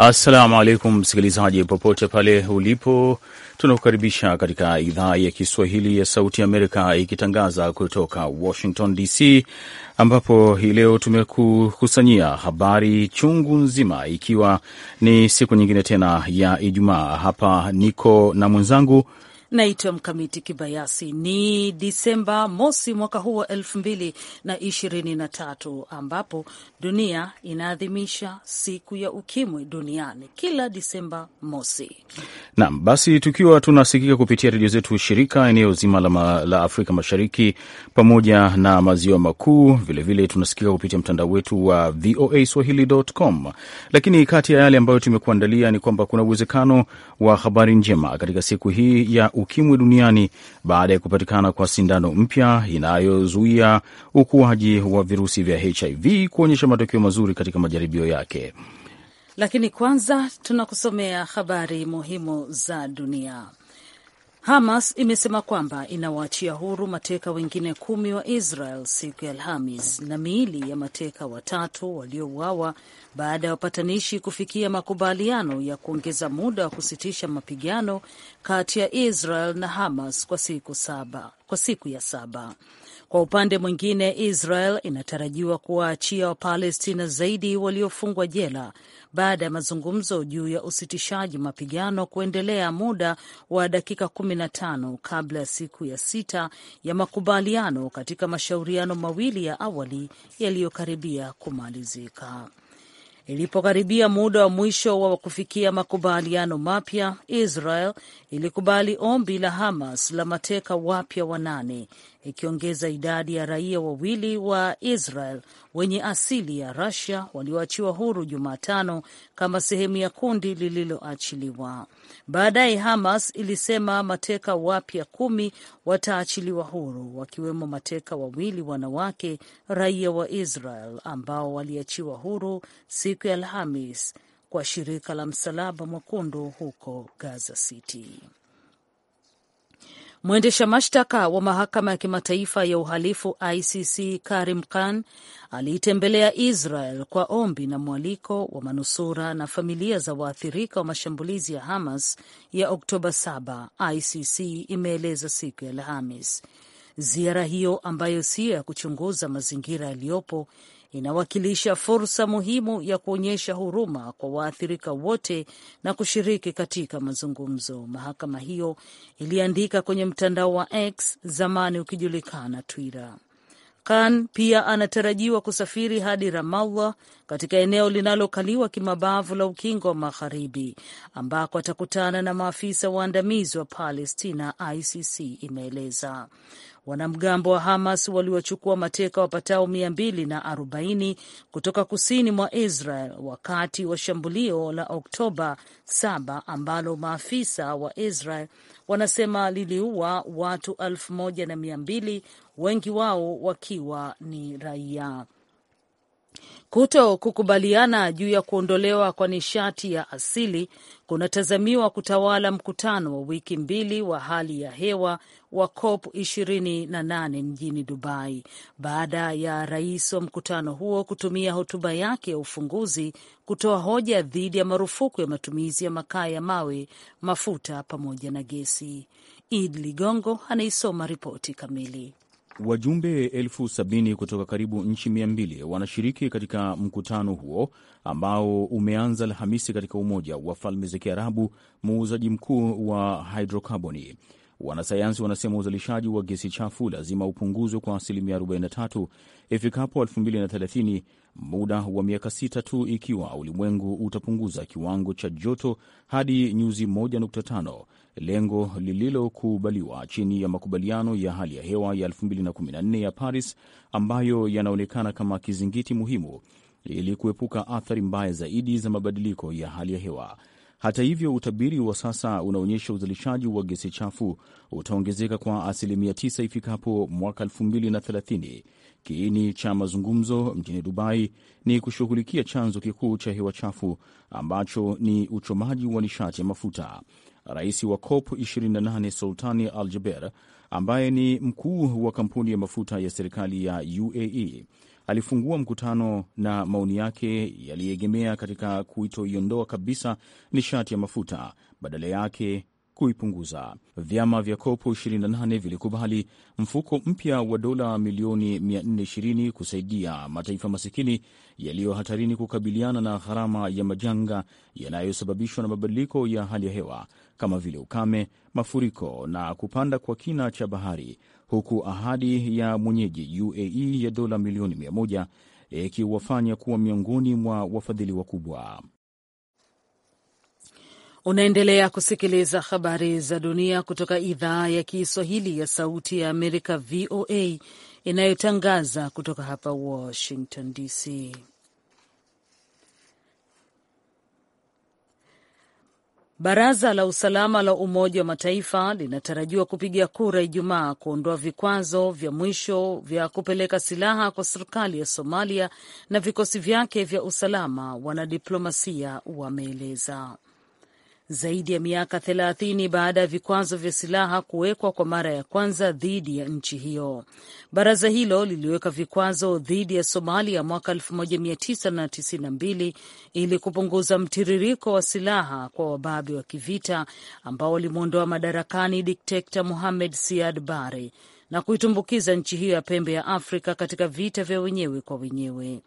Assalamu alaikum msikilizaji, popote pale ulipo, tunakukaribisha katika idhaa ya Kiswahili ya Sauti Amerika ikitangaza kutoka Washington DC, ambapo hii leo tumekukusanyia habari chungu nzima, ikiwa ni siku nyingine tena ya Ijumaa. Hapa niko na mwenzangu Naitwa Mkamiti Kibayasi. Ni Disemba mosi mwaka huu wa elfu mbili na ishirini na tatu ambapo dunia inaadhimisha siku ya ukimwi duniani kila Disemba mosi. Naam, basi tukiwa tunasikika kupitia redio zetu shirika eneo zima la, la Afrika Mashariki pamoja na maziwa makuu, vilevile tunasikika kupitia mtandao wetu wa VOA Swahili.com. Lakini kati ya yale ambayo tumekuandalia ni kwamba kuna uwezekano wa habari njema katika siku hii ya ukimwi duniani baada ya kupatikana kwa sindano mpya inayozuia ukuaji wa virusi vya HIV kuonyesha matokeo mazuri katika majaribio yake. Lakini kwanza tunakusomea habari muhimu za dunia. Hamas imesema kwamba inawaachia huru mateka wengine kumi wa Israel siku ya Alhamis na miili ya mateka watatu waliouawa baada ya wapatanishi kufikia makubaliano ya kuongeza muda wa kusitisha mapigano kati ya Israel na Hamas kwa siku saba, kwa siku ya saba. Kwa upande mwingine, Israel inatarajiwa kuwaachia Wapalestina zaidi waliofungwa jela baada ya mazungumzo juu ya usitishaji mapigano kuendelea muda wa dakika 15 kabla ya siku ya sita ya makubaliano katika mashauriano mawili ya awali yaliyokaribia kumalizika. Ilipokaribia muda wa mwisho wa kufikia makubaliano mapya, Israel ilikubali ombi la Hamas la mateka wapya wanane ikiongeza idadi ya raia wawili wa Israel wenye asili ya rasia walioachiwa huru Jumatano kama sehemu ya kundi lililoachiliwa. Baadaye Hamas ilisema mateka wapya kumi wataachiliwa huru, wakiwemo mateka wawili wanawake raia wa Israel ambao waliachiwa huru siku ya Alhamis kwa shirika la Msalaba Mwekundu huko Gaza City. Mwendesha mashtaka wa mahakama ya kimataifa ya uhalifu ICC Karim Khan aliitembelea Israel kwa ombi na mwaliko wa manusura na familia za waathirika wa mashambulizi ya Hamas ya Oktoba 7, ICC imeeleza siku ya Alhamis. Ziara hiyo ambayo siyo ya kuchunguza mazingira yaliyopo inawakilisha fursa muhimu ya kuonyesha huruma kwa waathirika wote na kushiriki katika mazungumzo, mahakama hiyo iliandika kwenye mtandao wa X, zamani ukijulikana Twitter. Khan pia anatarajiwa kusafiri hadi Ramallah katika eneo linalokaliwa kimabavu la Ukingo wa Magharibi, ambako atakutana na maafisa waandamizi wa Palestina, ICC imeeleza. Wanamgambo wa Hamas waliwachukua mateka wapatao mia na arobaini kutoka kusini mwa Israel wakati wa shambulio la Oktoba 7 ambalo maafisa wa Israel wanasema liliua watu elfu na mia mbili wengi wao wakiwa ni raia. Kuto kukubaliana juu ya kuondolewa kwa nishati ya asili kunatazamiwa kutawala mkutano wa wiki mbili wa hali ya hewa wa COP 28 mjini Dubai, baada ya rais wa mkutano huo kutumia hotuba yake ya ufunguzi kutoa hoja dhidi ya marufuku ya matumizi ya makaa ya mawe, mafuta pamoja na gesi. Id Ligongo anaisoma ripoti kamili. Wajumbe elfu sabini kutoka karibu nchi mia mbili wanashiriki katika mkutano huo ambao umeanza Alhamisi katika Umoja wa Falme za Kiarabu, muuzaji mkuu wa hidrokaboni. Wanasayansi wanasema uzalishaji wa gesi chafu lazima upunguzwe kwa asilimia 43 ifikapo 2030, muda wa miaka sita tu, ikiwa ulimwengu utapunguza kiwango cha joto hadi nyuzi 1.5 lengo lililokubaliwa chini ya makubaliano ya hali ya hewa ya 2014 ya Paris ambayo yanaonekana kama kizingiti muhimu ili kuepuka athari mbaya zaidi za mabadiliko ya hali ya hewa. Hata hivyo, utabiri wa sasa unaonyesha uzalishaji wa gesi chafu utaongezeka kwa asilimia 9 ifikapo mwaka 2030. Kiini cha mazungumzo mjini Dubai ni kushughulikia chanzo kikuu cha hewa chafu ambacho ni uchomaji wa nishati ya mafuta rais wa COP 28 Sultani Al Jaber, ambaye ni mkuu wa kampuni ya mafuta ya serikali ya UAE, alifungua mkutano na maoni yake yaliyeegemea katika kuitoiondoa kabisa nishati ya mafuta, badala yake kuipunguza. Vyama vya kopo 28 vilikubali mfuko mpya wa dola milioni 420 kusaidia mataifa masikini yaliyo hatarini kukabiliana na gharama ya majanga yanayosababishwa na mabadiliko ya hali ya hewa kama vile ukame, mafuriko na kupanda kwa kina cha bahari, huku ahadi ya mwenyeji UAE ya dola milioni 100 ikiwafanya kuwa miongoni mwa wafadhili wakubwa. Unaendelea kusikiliza habari za dunia kutoka idhaa ya Kiswahili ya Sauti ya Amerika, VOA, inayotangaza kutoka hapa Washington DC. Baraza la usalama la Umoja wa Mataifa linatarajiwa kupiga kura Ijumaa kuondoa vikwazo vya mwisho vya kupeleka silaha kwa serikali ya Somalia na vikosi vyake vya usalama, wanadiplomasia wameeleza zaidi ya miaka thelathini baada ya vikwazo vya silaha kuwekwa kwa mara ya kwanza dhidi ya nchi hiyo. Baraza hilo liliweka vikwazo dhidi ya Somalia mwaka 1992 ili kupunguza mtiririko wa silaha kwa wababe wa kivita ambao walimwondoa madarakani dikteta muhamed Siad Barre na kuitumbukiza nchi hiyo ya pembe ya Afrika katika vita vya wenyewe kwa wenyewe.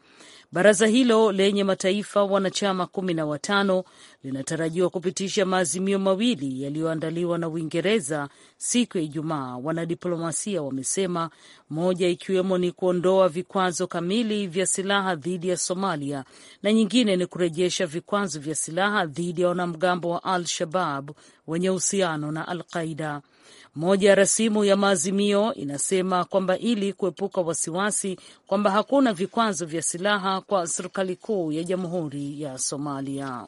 Baraza hilo lenye mataifa wanachama kumi na watano linatarajiwa kupitisha maazimio mawili yaliyoandaliwa na Uingereza siku ya Ijumaa, wanadiplomasia wamesema, moja ikiwemo ni kuondoa vikwazo kamili vya silaha dhidi ya Somalia na nyingine ni kurejesha vikwazo vya silaha dhidi ya wanamgambo wa Al Shabab wenye uhusiano na Al Qaida. Moja ya rasimu ya maazimio inasema kwamba ili kuepuka wasiwasi kwamba hakuna vikwazo vya silaha kwa serikali kuu ya Jamhuri ya Somalia.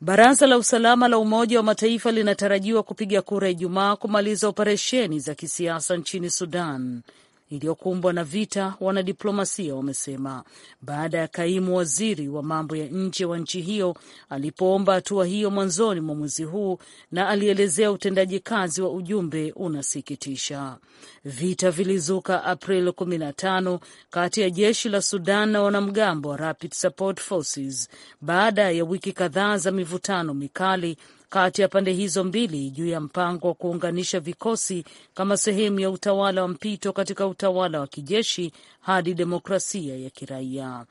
Baraza la usalama la Umoja wa Mataifa linatarajiwa kupiga kura Ijumaa kumaliza operesheni za kisiasa nchini Sudan iliyokumbwa na vita, wanadiplomasia wamesema baada ya kaimu waziri wa mambo ya nje wa nchi hiyo alipoomba hatua hiyo mwanzoni mwa mwezi huu, na alielezea utendaji kazi wa ujumbe unasikitisha. Vita vilizuka april 15 kati ya jeshi la Sudan na wanamgambo wa Rapid Support Forces baada ya wiki kadhaa za mivutano mikali kati ya pande hizo mbili juu ya mpango wa kuunganisha vikosi kama sehemu ya utawala wa mpito katika utawala wa kijeshi hadi demokrasia ya kiraia.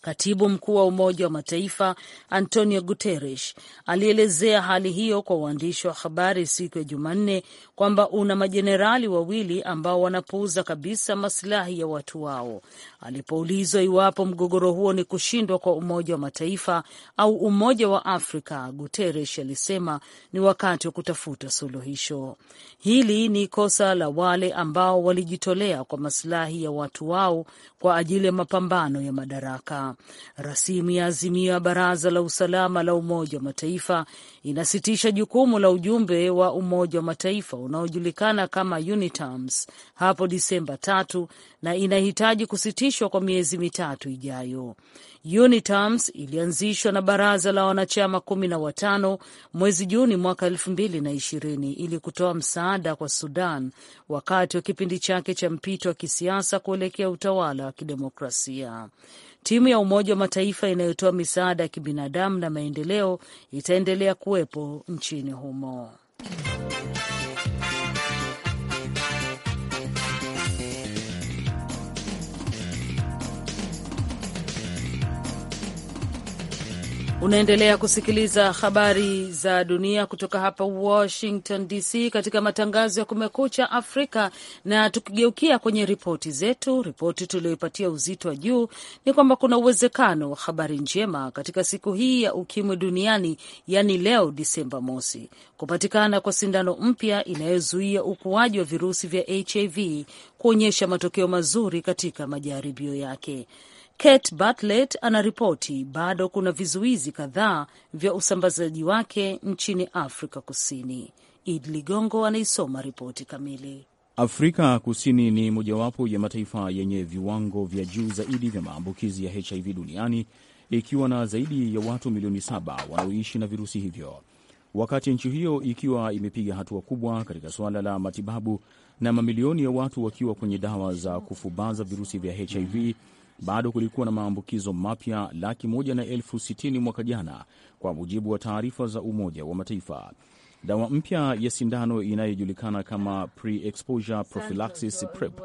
Katibu mkuu wa Umoja wa Mataifa Antonio Guterres alielezea hali hiyo kwa waandishi wa habari siku ya Jumanne kwamba una majenerali wawili ambao wanapuuza kabisa masilahi ya watu wao alipoulizwa iwapo mgogoro huo ni kushindwa kwa Umoja wa Mataifa au Umoja wa Afrika, Guterres alisema ni wakati wa kutafuta suluhisho. Hili ni kosa la wale ambao walijitolea kwa masilahi ya watu wao kwa ajili ya mapambano ya madaraka. Rasimu ya azimio ya Baraza la Usalama la Umoja wa Mataifa inasitisha jukumu la ujumbe wa Umoja wa Mataifa unaojulikana kama UNITAMS hapo Disemba tatu na inahitaji kusitisha itaanzishwa kwa miezi mitatu ijayo. UNITAMS ilianzishwa na baraza la wanachama kumi na watano mwezi Juni mwaka elfu mbili na ishirini ili kutoa msaada kwa Sudan wakati wa kipindi chake cha mpito wa kisiasa kuelekea utawala wa kidemokrasia. Timu ya Umoja wa Mataifa inayotoa misaada ya kibinadamu na maendeleo itaendelea kuwepo nchini humo. Unaendelea kusikiliza habari za dunia kutoka hapa Washington DC katika matangazo ya Kumekucha Afrika. Na tukigeukia kwenye ripoti zetu, ripoti tuliyoipatia uzito wa juu ni kwamba kuna uwezekano wa habari njema katika siku hii ya ukimwi duniani, yaani leo Disemba mosi, kupatikana kwa sindano mpya inayozuia ukuaji wa virusi vya HIV kuonyesha matokeo mazuri katika majaribio yake. Kate Bartlett anaripoti bado kuna vizuizi kadhaa vya usambazaji wake nchini Afrika Kusini. id Ligongo anaisoma ripoti kamili. Afrika Kusini ni mojawapo ya mataifa yenye viwango vya juu zaidi vya maambukizi ya HIV duniani ikiwa na zaidi ya watu milioni saba wanaoishi na virusi hivyo. Wakati nchi hiyo ikiwa imepiga hatua kubwa katika suala la matibabu na mamilioni ya watu wakiwa kwenye dawa za kufubaza virusi vya HIV, bado kulikuwa na maambukizo mapya laki moja na elfu sitini mwaka jana, kwa mujibu wa taarifa za Umoja wa Mataifa. Dawa mpya ya sindano inayojulikana kama pre-exposure prophylaxis PrEP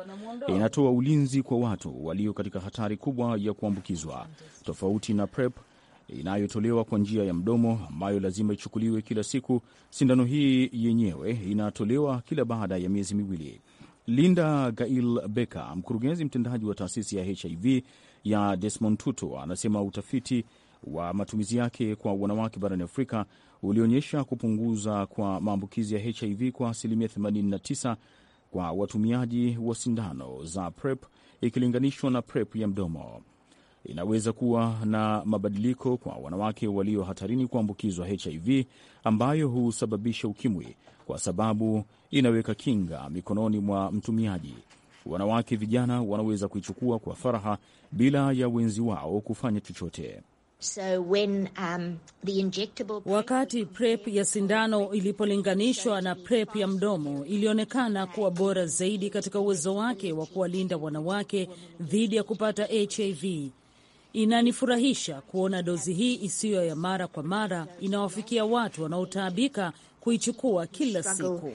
inatoa ulinzi kwa watu walio katika hatari kubwa ya kuambukizwa, tofauti na PrEP inayotolewa kwa njia ya mdomo ambayo lazima ichukuliwe kila siku. Sindano hii yenyewe inatolewa kila baada ya miezi miwili. Linda Gail Becker, mkurugenzi mtendaji wa taasisi ya HIV ya Desmond Tutu, anasema utafiti wa matumizi yake kwa wanawake barani Afrika ulionyesha kupunguza kwa maambukizi ya HIV kwa asilimia 89 kwa watumiaji wa sindano za PrEP ikilinganishwa na PrEP ya mdomo. Inaweza kuwa na mabadiliko kwa wanawake walio hatarini kuambukizwa HIV ambayo husababisha ukimwi kwa sababu inaweka kinga mikononi mwa mtumiaji. Wanawake vijana wanaweza kuichukua kwa faraha bila ya wenzi wao kufanya chochote. So when, um, the injectable... wakati PrEP ya sindano ilipolinganishwa na PrEP ya mdomo ilionekana kuwa bora zaidi katika uwezo wake wa kuwalinda wanawake dhidi ya kupata HIV. Inanifurahisha kuona dozi hii isiyo ya mara kwa mara inawafikia watu wanaotaabika kuichukua kila siku.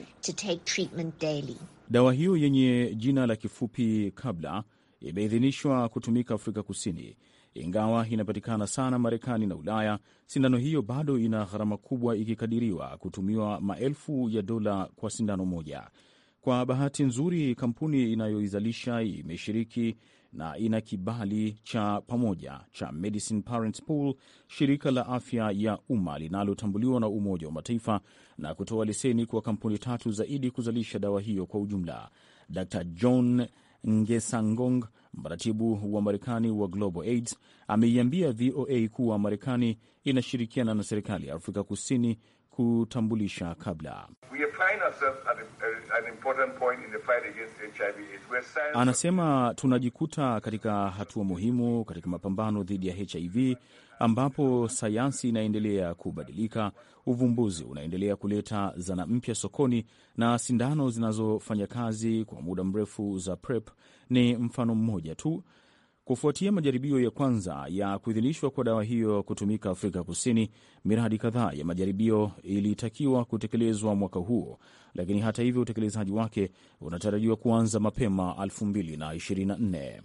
Dawa hiyo yenye jina la kifupi Kabla imeidhinishwa kutumika Afrika Kusini, ingawa inapatikana sana Marekani na Ulaya. Sindano hiyo bado ina gharama kubwa, ikikadiriwa kutumiwa maelfu ya dola kwa sindano moja. Kwa bahati nzuri, kampuni inayoizalisha imeshiriki na ina kibali cha pamoja cha Medicine Parents Pool, shirika la afya ya umma linalotambuliwa na Umoja wa Mataifa, na kutoa leseni kwa kampuni tatu zaidi kuzalisha dawa hiyo kwa ujumla. Dr John Ngesangong, mratibu wa Marekani wa Global AIDS, ameiambia VOA kuwa Marekani inashirikiana na serikali ya Afrika Kusini kutambulisha kabla. Anasema tunajikuta katika hatua muhimu katika mapambano dhidi ya HIV ambapo sayansi inaendelea kubadilika, uvumbuzi unaendelea kuleta zana mpya sokoni, na sindano zinazofanya kazi kwa muda mrefu za PrEP ni mfano mmoja tu, Kufuatia majaribio ya kwanza ya kuidhinishwa kwa dawa hiyo kutumika Afrika Kusini, miradi kadhaa ya majaribio ilitakiwa kutekelezwa mwaka huo, lakini hata hivyo utekelezaji wake unatarajiwa kuanza mapema 2024.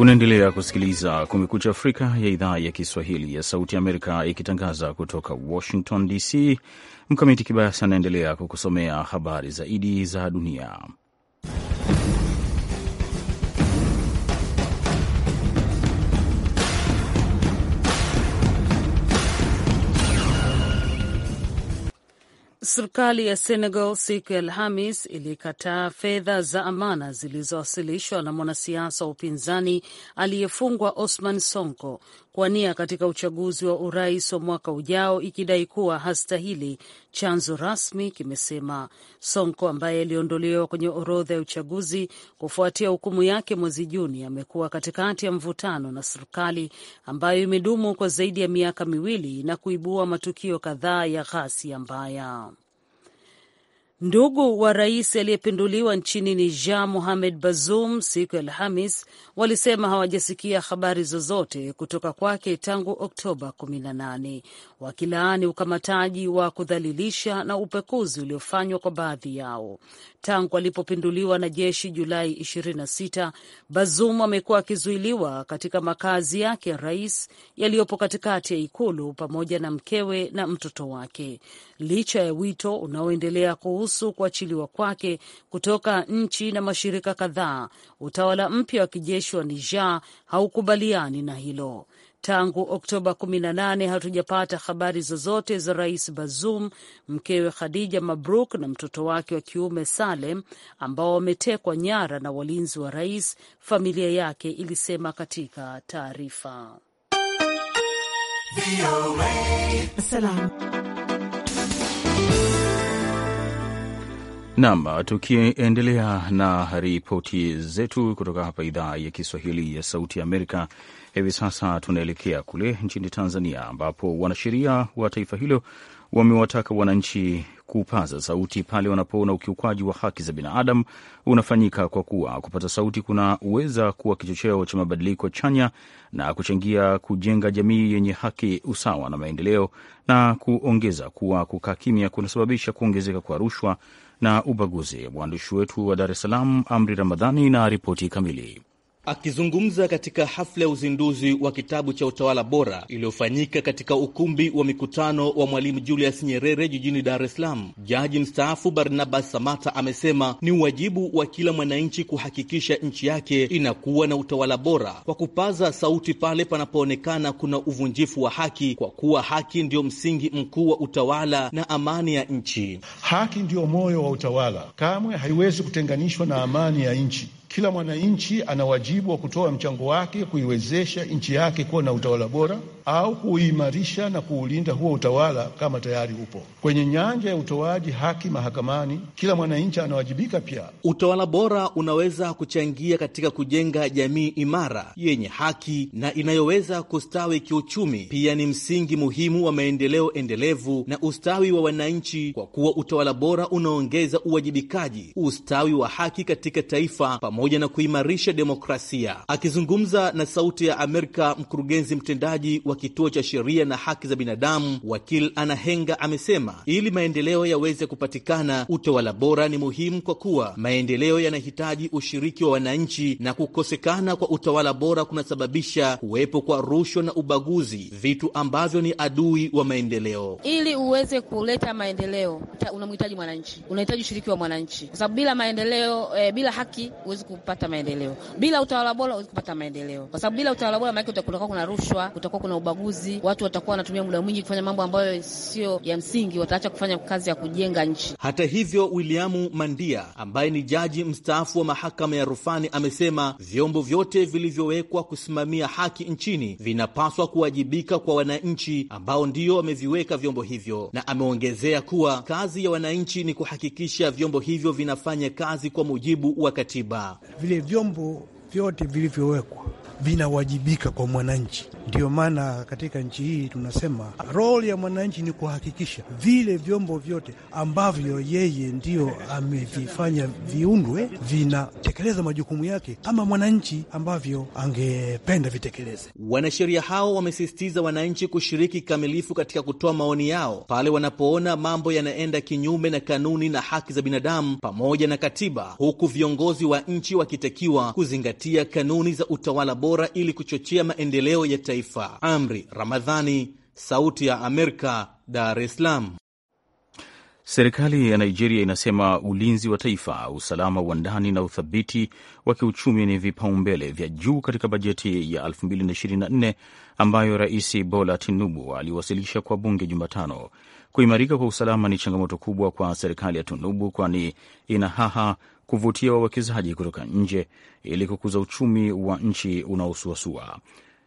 Unaendelea kusikiliza Kumekucha Afrika ya idhaa ya Kiswahili ya Sauti ya Amerika ikitangaza kutoka Washington DC. Mkamiti Kibayasi anaendelea kukusomea habari zaidi za dunia. Serikali ya Senegal siku ya Alhamis ilikataa fedha za amana zilizowasilishwa na mwanasiasa wa upinzani aliyefungwa Osman Sonko kuwania katika uchaguzi wa urais wa mwaka ujao, ikidai kuwa hastahili. Chanzo rasmi kimesema Sonko ambaye aliondolewa kwenye orodha ya uchaguzi kufuatia hukumu yake mwezi Juni amekuwa katikati ya mvutano na serikali ambayo imedumu kwa zaidi ya miaka miwili na kuibua matukio kadhaa ya ghasia mbaya. Ndugu wa rais aliyepinduliwa nchini Niger, Mohamed Bazoum, siku ya Alhamis walisema hawajasikia habari zozote kutoka kwake tangu Oktoba 18, wakilaani ukamataji wa kudhalilisha na upekuzi uliofanywa kwa baadhi yao tangu alipopinduliwa na jeshi Julai 26. Bazoum amekuwa akizuiliwa katika makazi yake ya rais yaliyopo katikati ya ikulu pamoja na mkewe na mtoto wake, licha ya wito unaoendelea kuhusu kuruhusu kuachiliwa kwake kutoka nchi na mashirika kadhaa, utawala mpya wa kijeshi wa Niger haukubaliani na hilo. Tangu Oktoba 18 hatujapata habari zozote za rais Bazoum, mkewe Khadija Mabruk na mtoto wake wa kiume Salem, ambao wametekwa nyara na walinzi wa rais, familia yake ilisema katika taarifa. Nam, tukiendelea na ripoti zetu kutoka hapa idhaa ya Kiswahili ya Sauti ya Amerika, hivi sasa tunaelekea kule nchini Tanzania, ambapo wanasheria wa taifa hilo wamewataka wananchi kupaza sauti pale wanapoona ukiukwaji wa haki za binadamu unafanyika, kwa kuwa kupata sauti kunaweza kuwa kichocheo cha mabadiliko chanya na kuchangia kujenga jamii yenye haki, usawa na maendeleo, na kuongeza kuwa kukaa kimya kunasababisha kuongezeka kwa rushwa na ubaguzi. Mwandishi wetu wa Dar es Salaam, Amri Ramadhani, na ripoti kamili. Akizungumza katika hafla ya uzinduzi wa kitabu cha utawala bora iliyofanyika katika ukumbi wa mikutano wa Mwalimu Julius Nyerere jijini Dar es Salaam, jaji mstaafu Barnabas Samata amesema ni uwajibu wa kila mwananchi kuhakikisha nchi yake inakuwa na utawala bora kwa kupaza sauti pale panapoonekana kuna uvunjifu wa haki, kwa kuwa haki ndio msingi mkuu wa utawala na amani ya nchi. Haki ndiyo moyo wa utawala, kamwe haiwezi kutenganishwa na amani ya nchi. Kila mwananchi ana wajibu wa kutoa mchango wake kuiwezesha nchi yake kuwa na utawala bora au kuuimarisha na kuulinda huo utawala kama tayari upo. Kwenye nyanja ya utoaji haki mahakamani, kila mwananchi anawajibika pia. Utawala bora unaweza kuchangia katika kujenga jamii imara yenye haki na inayoweza kustawi kiuchumi. Pia ni msingi muhimu wa maendeleo endelevu na ustawi wa wananchi, kwa kuwa utawala bora unaongeza uwajibikaji, ustawi wa haki katika taifa pamoja pamoja na kuimarisha demokrasia. Akizungumza na Sauti ya Amerika, mkurugenzi mtendaji wa kituo cha sheria na haki za binadamu Wakil Anahenga amesema ili maendeleo yaweze kupatikana, utawala bora ni muhimu kwa kuwa maendeleo yanahitaji ushiriki wa wananchi, na kukosekana kwa utawala bora kunasababisha kuwepo kwa rushwa na ubaguzi, vitu ambavyo ni adui wa maendeleo. Ili uweze kuleta maendeleo, unamhitaji mwananchi, unahitaji ushiriki wa mwananchi, kwa sababu bila maendeleo, e, bila haki huwezi kupata maendeleo. Bila utawala bora huwezi kupata maendeleo, kwa sababu bila utawala bora maanake kutakuwa kuna rushwa, kutakuwa kuna ubaguzi, watu watakuwa wanatumia muda mwingi kufanya mambo ambayo sio ya msingi, wataacha kufanya kazi ya kujenga nchi. Hata hivyo, Williamu Mandia ambaye ni jaji mstaafu wa mahakama ya rufani amesema vyombo vyote vilivyowekwa kusimamia haki nchini vinapaswa kuwajibika kwa wananchi ambao ndio wameviweka vyombo hivyo, na ameongezea kuwa kazi ya wananchi ni kuhakikisha vyombo hivyo vinafanya kazi kwa mujibu wa katiba vile vyombo vyote vilivyowekwa vinawajibika kwa mwananchi. Ndiyo maana katika nchi hii tunasema roli ya mwananchi ni kuhakikisha vile vyombo vyote ambavyo yeye ndiyo amevifanya viundwe vinatekeleza majukumu yake kama mwananchi ambavyo angependa vitekeleze. Wanasheria hao wamesisitiza wananchi kushiriki kikamilifu katika kutoa maoni yao pale wanapoona mambo yanaenda kinyume na kanuni na haki za binadamu pamoja na katiba, huku viongozi wa nchi wakitakiwa kuzingatia kanuni za utawala bora bora ili kuchochea maendeleo ya taifa. Amri Ramadhani, Sauti ya Amerika, Dar es Salaam. Serikali ya Nigeria inasema ulinzi wa taifa, usalama wa ndani na uthabiti wa kiuchumi ni vipaumbele vya juu katika bajeti ya 2024 ambayo Rais Bola Tinubu aliwasilisha kwa bunge Jumatano. Kuimarika kwa usalama ni changamoto kubwa kwa serikali ya Tinubu, kwani inahaha kuvutia wawekezaji kutoka nje ili kukuza uchumi wa nchi unaosuasua.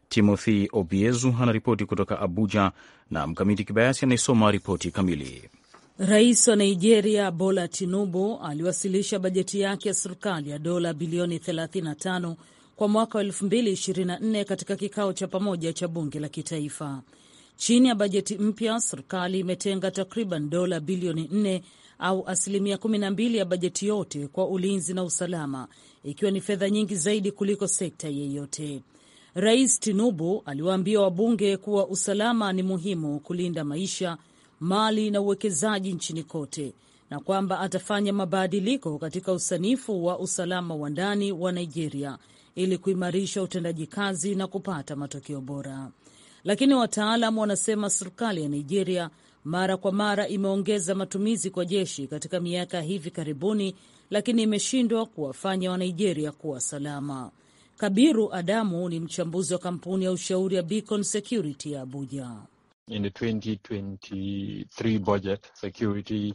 Timothy Obiezu anaripoti kutoka Abuja na Mkamiti Kibayasi anayesoma ripoti kamili. Rais wa Nigeria Bola Tinubu aliwasilisha bajeti yake ya serikali ya dola bilioni 35 kwa mwaka wa 2024 katika kikao cha pamoja cha bunge la kitaifa. Chini ya bajeti mpya, serikali imetenga takriban dola bilioni nne au asilimia kumi na mbili ya bajeti yote kwa ulinzi na usalama, ikiwa ni fedha nyingi zaidi kuliko sekta yeyote. Rais Tinubu aliwaambia wabunge kuwa usalama ni muhimu kulinda maisha, mali na uwekezaji nchini kote na kwamba atafanya mabadiliko katika usanifu wa usalama wa ndani wa Nigeria ili kuimarisha utendaji kazi na kupata matokeo bora lakini wataalam wanasema serikali ya Nigeria mara kwa mara imeongeza matumizi kwa jeshi katika miaka ya hivi karibuni, lakini imeshindwa kuwafanya Wanigeria kuwa salama. Kabiru Adamu ni mchambuzi wa kampuni ya ushauri ya Beacon Security ya Abuja. In the 2023 budget, security,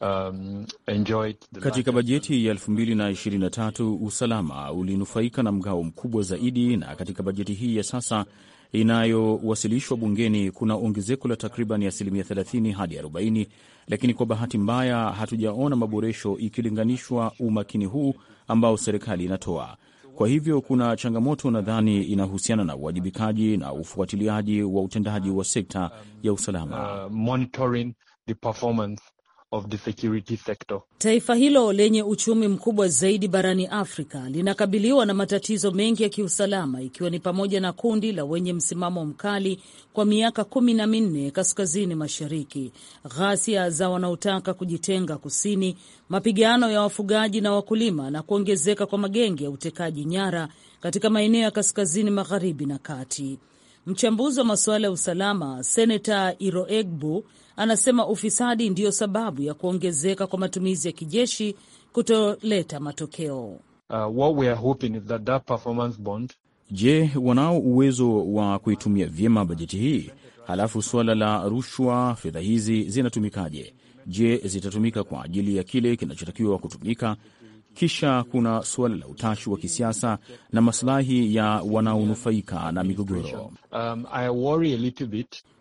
um, enjoyed the katika bajeti ya 2023 usalama ulinufaika na mgao mkubwa zaidi, na katika bajeti hii ya sasa inayowasilishwa bungeni kuna ongezeko la takriban asilimia 30 hadi 40, lakini kwa bahati mbaya hatujaona maboresho ikilinganishwa umakini huu ambao serikali inatoa. Kwa hivyo kuna changamoto nadhani inahusiana na uwajibikaji na ufuatiliaji wa utendaji wa sekta ya usalama. Uh, monitoring the performance of the security sector. Taifa hilo lenye uchumi mkubwa zaidi barani Afrika linakabiliwa na matatizo mengi ya kiusalama ikiwa ni pamoja na kundi la wenye msimamo mkali kwa miaka kumi na minne kaskazini mashariki, ghasia za wanaotaka kujitenga kusini, mapigano ya wafugaji na wakulima na kuongezeka kwa magenge ya utekaji nyara katika maeneo ya kaskazini magharibi na kati. Mchambuzi wa masuala ya usalama Seneta Iroegbu anasema ufisadi ndiyo sababu ya kuongezeka kwa matumizi ya kijeshi kutoleta matokeo. Uh, bond... Je, wanao uwezo wa kuitumia vyema bajeti hii? Halafu suala la rushwa, fedha hizi zinatumikaje? Je, zitatumika kwa ajili ya kile kinachotakiwa kutumika? Kisha kuna suala la utashi wa kisiasa na masilahi ya wanaonufaika na migogoro. Um,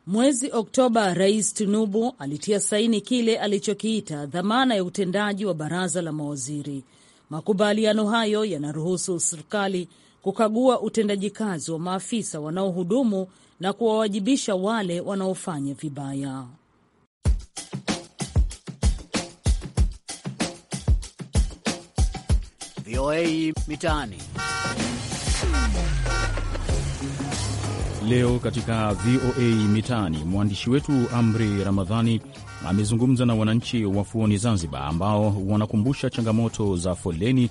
mwezi Oktoba, Rais Tinubu alitia saini kile alichokiita dhamana ya utendaji wa baraza la mawaziri. Makubaliano hayo yanaruhusu serikali kukagua utendaji kazi wa maafisa wanaohudumu na kuwawajibisha wale wanaofanya vibaya. VOA Mitaani. Leo katika VOA Mitaani, mwandishi wetu Amri Ramadhani amezungumza na wananchi wa Fuoni Zanzibar, ambao wanakumbusha changamoto za foleni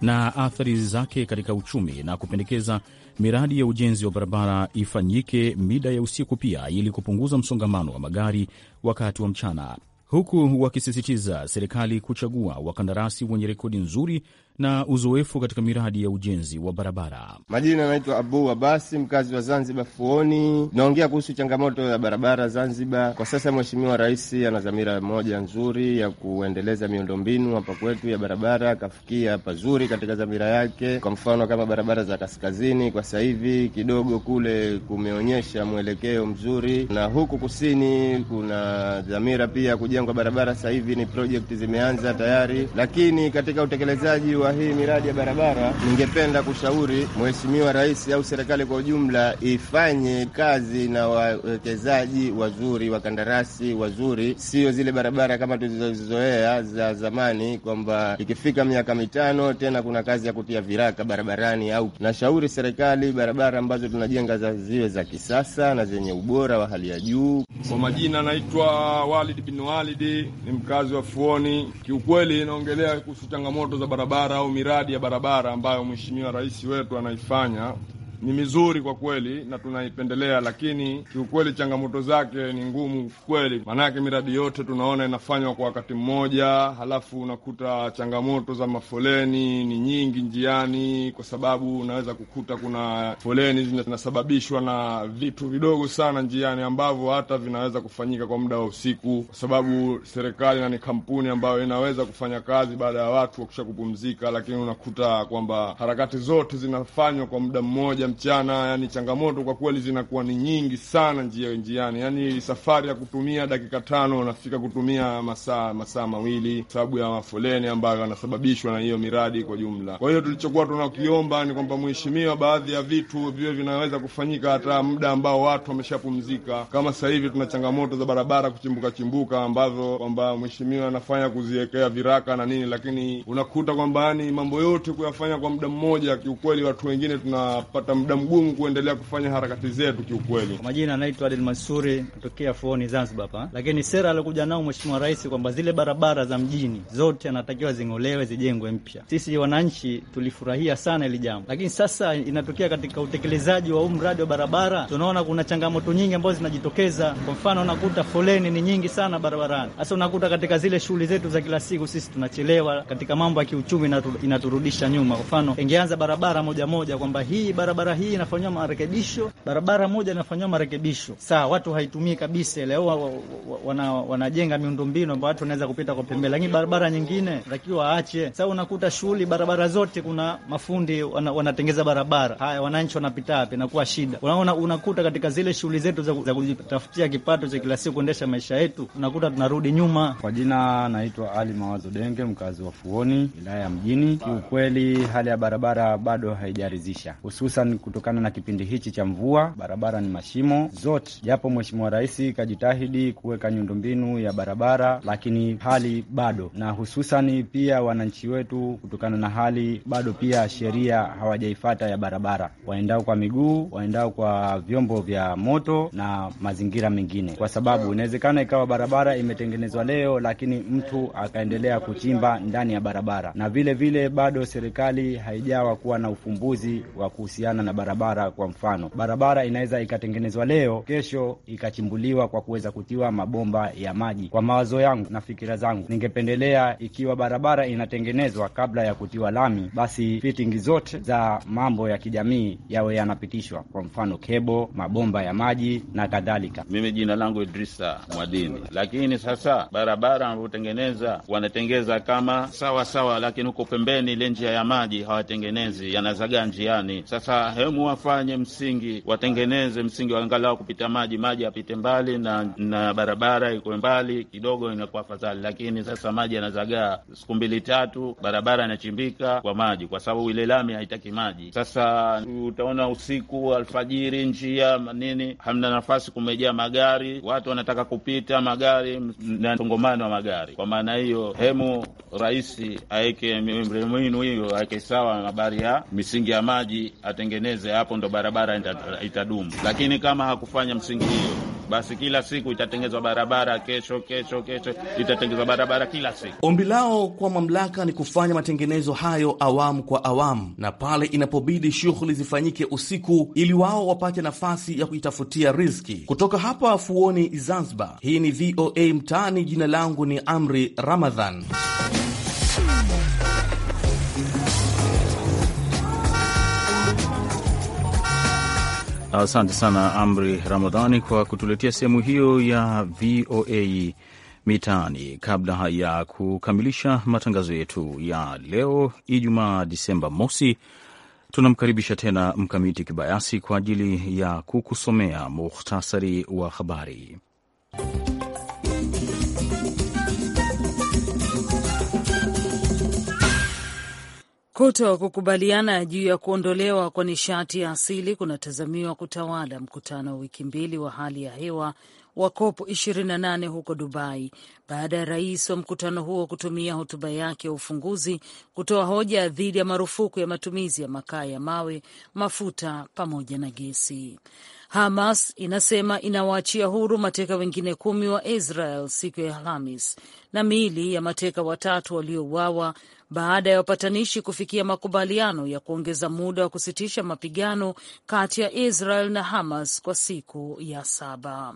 na athari zake katika uchumi na kupendekeza miradi ya ujenzi wa barabara ifanyike mida ya usiku pia ili kupunguza msongamano wa magari wakati wa mchana, huku wakisisitiza serikali kuchagua wakandarasi wenye rekodi nzuri na uzoefu katika miradi ya ujenzi wa barabara. Majina anaitwa Abu Abasi, mkazi wa Zanzibar Fuoni. Naongea kuhusu changamoto ya barabara Zanzibar kwa sasa. Mheshimiwa Rais ana dhamira moja nzuri ya kuendeleza miundombinu hapa kwetu ya barabara, akafikia pazuri katika dhamira yake. Kwa mfano kama barabara za kaskazini, kwa sasa hivi kidogo kule kumeonyesha mwelekeo mzuri, na huku kusini kuna dhamira pia kujengwa barabara. Sasa hivi ni projekti zimeanza tayari, lakini katika utekelezaji wa hii miradi ya barabara, ningependa kushauri Mheshimiwa Rais au serikali kwa ujumla ifanye kazi na wawekezaji wazuri, wakandarasi wazuri, sio zile barabara kama tulizozoea za zamani, kwamba ikifika miaka mitano tena kuna kazi ya kutia viraka barabarani. Au nashauri serikali, barabara ambazo tunajenga za ziwe za kisasa na zenye ubora wa hali ya juu. Kwa majina anaitwa Walid bin Walidi, ni mkazi wa Fuoni. Kiukweli inaongelea kuhusu changamoto za barabara au miradi ya barabara ambayo mheshimiwa rais wetu anaifanya ni mizuri kwa kweli na tunaipendelea, lakini kiukweli changamoto zake ni ngumu kweli, maanake miradi yote tunaona inafanywa kwa wakati mmoja, halafu unakuta changamoto za mafoleni ni nyingi njiani, kwa sababu unaweza kukuta kuna foleni zinasababishwa na vitu vidogo sana njiani ambavyo hata vinaweza kufanyika kwa muda wa usiku, kwa sababu serikali na ni kampuni ambayo inaweza kufanya kazi baada ya watu wakisha kupumzika, lakini unakuta kwamba harakati zote zinafanywa kwa muda mmoja mchana, yani changamoto kwa kweli zinakuwa ni nyingi sana njia njiani, yani safari ya kutumia dakika tano nafika kutumia masaa masaa mawili, sababu ya mafoleni ambayo yanasababishwa na hiyo miradi kwa jumla. Kwa hiyo tulichokuwa tunakiomba ni kwamba, mheshimiwa, baadhi ya vitu viwe vinaweza kufanyika hata muda ambao watu wameshapumzika. Kama sasa hivi tuna changamoto za barabara kuchimbuka chimbuka, ambazo kwamba mheshimiwa anafanya kuziwekea viraka na nini, lakini unakuta kwamba yani mambo yote kuyafanya kwa muda mmoja, kiukweli watu wengine tunapata muda mgumu kuendelea kufanya harakati zetu kiukweli. Kwa majina anaitwa Adel Masuri kutokea Fuoni Zanzibar hapa, lakini sera aliokuja nao Mheshimiwa Rais kwamba zile barabara za mjini zote anatakiwa zing'olewe, zijengwe mpya. Sisi wananchi tulifurahia sana hili jambo, lakini sasa inatokea katika utekelezaji wa huu mradi wa barabara, tunaona kuna changamoto nyingi ambazo zinajitokeza. Kwa mfano, unakuta foleni ni nyingi sana barabarani, hasa unakuta katika zile shughuli zetu za kila siku sisi tunachelewa katika mambo ya kiuchumi, inaturudisha nyuma. Kwa mfano, ingeanza barabara moja moja kwamba hii barabara barabara hii inafanyiwa marekebisho, barabara moja inafanyiwa marekebisho, saa watu haitumii kabisa. Leo wanajenga wanajenga miundombinu ambayo watu wanaweza kupita kwa pembeni, lakini barabara nyingine takiwa aache. Sasa unakuta shughuli barabara zote kuna mafundi wanatengeza wana barabara, haya wananchi wanapita wapi? Inakuwa shida. Unaona, unakuta katika zile shughuli zetu za, za kujitafutia kipato cha kila siku, kuendesha maisha yetu, unakuta tunarudi nyuma. Kwa jina naitwa Ali Mawazo Denge, mkazi wa Fuoni, wilaya ya Mjini. Kiukweli hali ya barabara bado haijaridhisha, hususan kutokana na kipindi hichi cha mvua, barabara ni mashimo zote, japo Mheshimiwa Rais kajitahidi kuweka miundombinu ya barabara, lakini hali bado na hususani pia wananchi wetu kutokana na hali bado pia sheria hawajaifata ya barabara, waendao kwa miguu, waendao kwa vyombo vya moto na mazingira mengine, kwa sababu inawezekana ikawa barabara imetengenezwa leo, lakini mtu akaendelea kuchimba ndani ya barabara, na vile vile bado serikali haijawa kuwa na ufumbuzi wa kuhusiana kutokana na barabara. Kwa mfano, barabara inaweza ikatengenezwa leo, kesho ikachimbuliwa kwa kuweza kutiwa mabomba ya maji. Kwa mawazo yangu na fikira zangu, ningependelea ikiwa barabara inatengenezwa kabla ya kutiwa lami, basi fitingi zote za mambo ya kijamii yawe yanapitishwa, kwa mfano kebo, mabomba ya maji na kadhalika. Mimi jina langu Idrisa Mwadini. Lakini sasa barabara wanavyotengeneza wanatengeza kama sawa sawa, lakini huko pembeni ile njia ya maji hawatengenezi, yanazagaa njiani. Sasa hemu wafanye msingi, watengeneze msingi waangalau kupita maji, maji yapite mbali na, na barabara iko mbali kidogo, inakuwa afadhali. Lakini sasa maji yanazagaa siku mbili tatu, barabara inachimbika kwa maji, kwa sababu ile lami haitaki maji. Sasa utaona usiku, alfajiri, njia nini, hamna nafasi, kumejaa magari, watu wanataka kupita magari na msongamano wa magari. Kwa maana hiyo, hemu rais aeke miundombinu hiyo aeke sawa, mabari ya misingi ya maji atengene atengeneze, hapo ndo barabara itadumu. Lakini kama hakufanya msingi hiyo, basi kila siku itatengenezwa barabara, kesho kesho kesho itatengenezwa barabara kila siku. Ombi lao kwa mamlaka ni kufanya matengenezo hayo awamu kwa awamu, na pale inapobidi shughuli zifanyike usiku, ili wao wapate nafasi ya kuitafutia riziki. Kutoka hapa Fuoni, Zanzibar, hii ni VOA Mtaani. Jina langu ni Amri Ramadhan. Asante sana Amri Ramadhani kwa kutuletea sehemu hiyo ya VOA Mitaani. Kabla ya kukamilisha matangazo yetu ya leo Ijumaa Disemba mosi, tunamkaribisha tena Mkamiti Kibayasi kwa ajili ya kukusomea muhtasari wa habari. Kuto kukubaliana juu ya kuondolewa kwa nishati ya asili kunatazamiwa kutawala mkutano wa wiki mbili wa hali ya hewa wa COP 28 huko Dubai baada ya rais wa mkutano huo kutumia hotuba yake ya ufunguzi kutoa hoja dhidi ya marufuku ya matumizi ya makaa ya mawe, mafuta pamoja na gesi. Hamas inasema inawaachia huru mateka wengine kumi wa Israel siku ya Alhamis na miili ya mateka watatu waliouawa baada ya wapatanishi kufikia makubaliano ya kuongeza muda wa kusitisha mapigano kati ya Israel na Hamas kwa siku ya saba.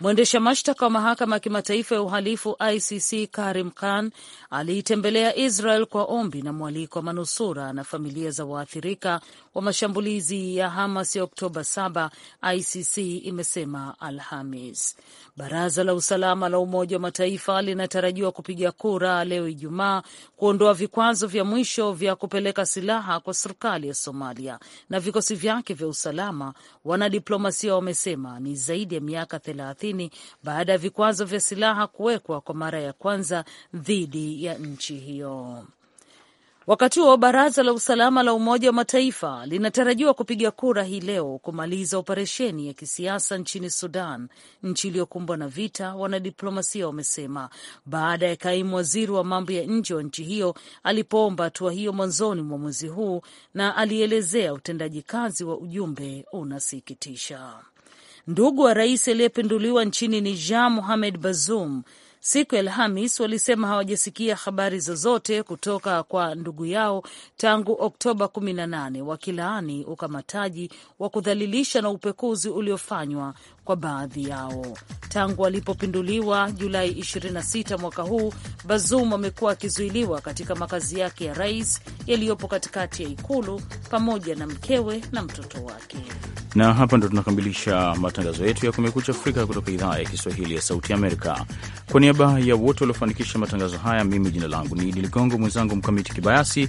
Mwendesha mashtaka wa mahakama ya kimataifa ya uhalifu ICC Karim Khan aliitembelea Israel kwa ombi na mwaliko wa manusura na familia za waathirika wa mashambulizi ya Hamas ya Oktoba 7, ICC imesema Alhamis. Baraza la usalama la Umoja wa Mataifa linatarajiwa kupiga kura leo Ijumaa kuondoa vikwazo vya mwisho vya kupeleka silaha kwa serikali ya Somalia na vikosi vyake vya usalama, wanadiplomasia wamesema ni zaidi ya miaka thelathini baada ya vikwazo vya silaha kuwekwa kwa mara ya kwanza dhidi ya nchi hiyo. Wakati huo baraza la usalama la Umoja wa Mataifa linatarajiwa kupiga kura hii leo kumaliza operesheni ya kisiasa nchini Sudan, nchi iliyokumbwa na vita, wanadiplomasia wamesema, baada ya kaimu waziri wa mambo ya nje wa nchi hiyo alipoomba hatua hiyo mwanzoni mwa mwezi huu, na alielezea utendaji kazi wa ujumbe unasikitisha. Ndugu wa rais aliyepinduliwa nchini Niger, Mohamed Bazoum, siku ya Alhamis walisema hawajasikia habari zozote kutoka kwa ndugu yao tangu Oktoba 18 wakilaani ukamataji wa kudhalilisha na upekuzi uliofanywa kwa baadhi yao tangu walipopinduliwa Julai 26 mwaka huu. Bazoum amekuwa akizuiliwa katika makazi yake ya rais yaliyopo katikati ya ikulu pamoja na mkewe na mtoto wake. Na hapa ndo tunakamilisha matangazo yetu ya Kumekucha Afrika kutoka idhaa ya Kiswahili ya Sauti Amerika. Kwa niaba ya wote waliofanikisha matangazo haya, mimi jina langu ni Idi Ligongo, mwenzangu Mkamiti Kibayasi,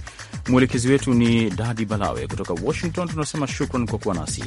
mwelekezi wetu ni Dadi Balawe. Kutoka Washington tunasema shukran kwa kuwa nasi.